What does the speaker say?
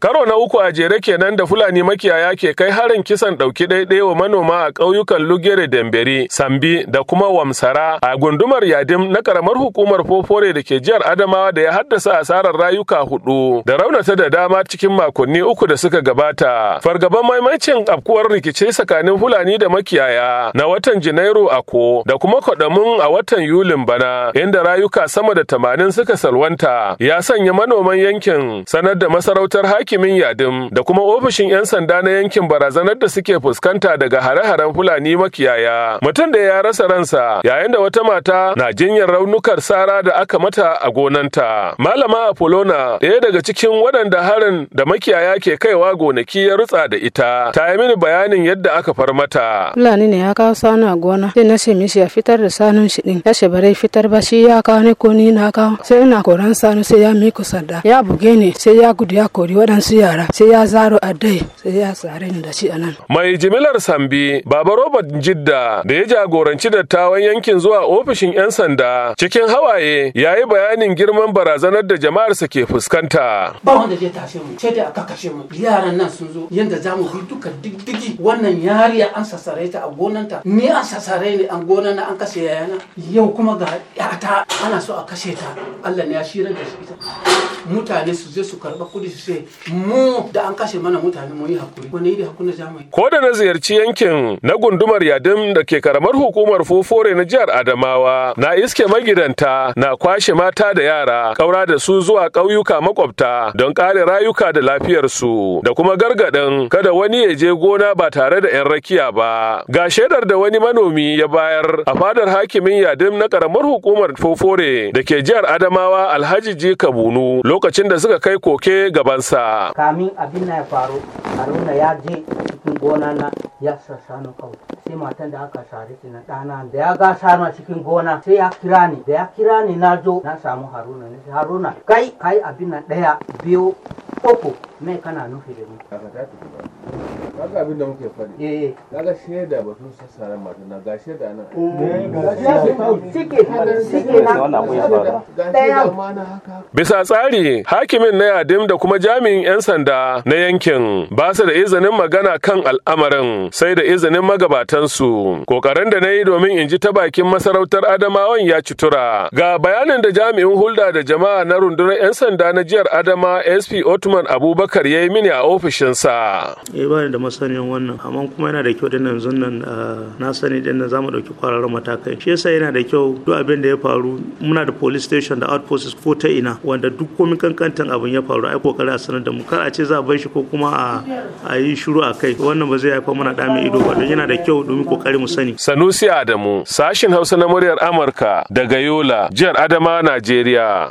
Karo na uku a jere kenan da Fulani makiyaya ke kai harin kisan ɗauki ɗaiɗai wa manoma a ƙauyukan Lugere dambere Sambi da kuma Wamsara a gundumar Yadim na karamar hukumar Fofore da ke jihar Adamawa da ya haddasa asarar rayuka hudu da raunata da dama cikin makonni uku da suka gabata. Fargaban maimacin afkuwar rikici tsakanin Fulani da makiyaya na watan Janairu a ko da kuma kwaɗamin a watan Yulin bana inda rayuka sama da tamanin suka salwanta ya sanya manoman yankin sanar da masarautar haki hakimin Yadim da kuma ofishin 'yan sanda na yankin barazanar da suke fuskanta daga hare-haren Fulani makiyaya. Mutum da ya rasa ransa yayin da wata mata na jinyar raunukar sara da aka mata a gonanta. Malama Apolona ɗaya daga cikin waɗanda harin da makiyaya ke kaiwa gonaki ya rutsa da ita. Ta yi mini bayanin yadda aka far mata. Fulani ne ya kawo sanu a gona. Sai na ce ya fitar da sanun shi din Ya ce bare fitar ba shi ya kawo ne ko ni na kawo. Sai ina koran sanu sai ya miku da Ya buge ni sai ya gudu ya kori waɗansu waɗansu yara sai ya zaro a dai sai ya sare ni da shi a nan. Mai jimilar Sambi Baba Robert Jidda da ya jagoranci dattawan yankin zuwa ofishin 'yan sanda cikin hawaye ya yi bayanin girman barazanar da jama'ar sa ke fuskanta. Ba wanda zai tashe mu sai dai aka kashe mu yaran nan sun zo yadda za mu bi duka diddigi wannan yariya an sassare ta a gonanta ni an sassare ni an gonan na an kashe yayana yau kuma ga ta ana so a kashe ta Allah ne ya shirar da shi ita. mutane su je su karɓa kudi su ce mu da an kashe mana mutane mu yi hakuri wani iri haku na zamani. ko da na ziyarci yankin na gundumar Yadin da ke karamar hukumar fufore na jihar adamawa na iske magidanta na kwashe mata da yara ƙaura da su zuwa ƙauyuka makwabta don kare rayuka da lafiyarsu da kuma gargaɗin kada wani ya je gona ba tare da 'yan rakiya ba ga shaidar da wani manomi ya bayar a fadar hakimin Yadin na karamar hukumar fofore da ke jihar adamawa alhaji ji kabunu lokacin da suka kai koke gabansa. Kamin abin na ya faru, Haruna ya je cikin gona na ya na kawai. Sai matan da aka sare ta na ɗana da ya ga sama cikin gona sai ya kira ni. Da ya kira ni na zo na samu Haruna. Haruna kai kai abin na ɗaya biyu uku mai kana nufi da mu. kaga abin da muke fari kaga shaida sassara mata na ga shaida bisa tsari hakimin na yadim da kuma jami'in yan sanda na yankin ba su da izinin magana kan al'amarin sai da izinin magabatansu kokarin da na yi domin in ji ta bakin masarautar adamawan ya ci ga bayanin da jami'in hulɗa da jama'a na rundunar yan sanda na jihar adama sp otman abubakar abubakar ya yi mini a ofishinsa eh ba da masanin wannan amma kuma yana da kyau din zun nan ah, na sani din nan zamu dauki kwararren matakai shi yasa yana da kyau duk abin da ya faru muna da police station da outposts ko ta ina wanda duk komai kankantan abin ya faru ai kokari a sanar da mu kar a ce za a bar shi ko kuma a yi shiru a kai wannan ba zai haifar mana dami ido ba don yana da kyau domin kokari mu sani sanusi adamu sashin hausa na muryar amurka daga yola jihar adama najeriya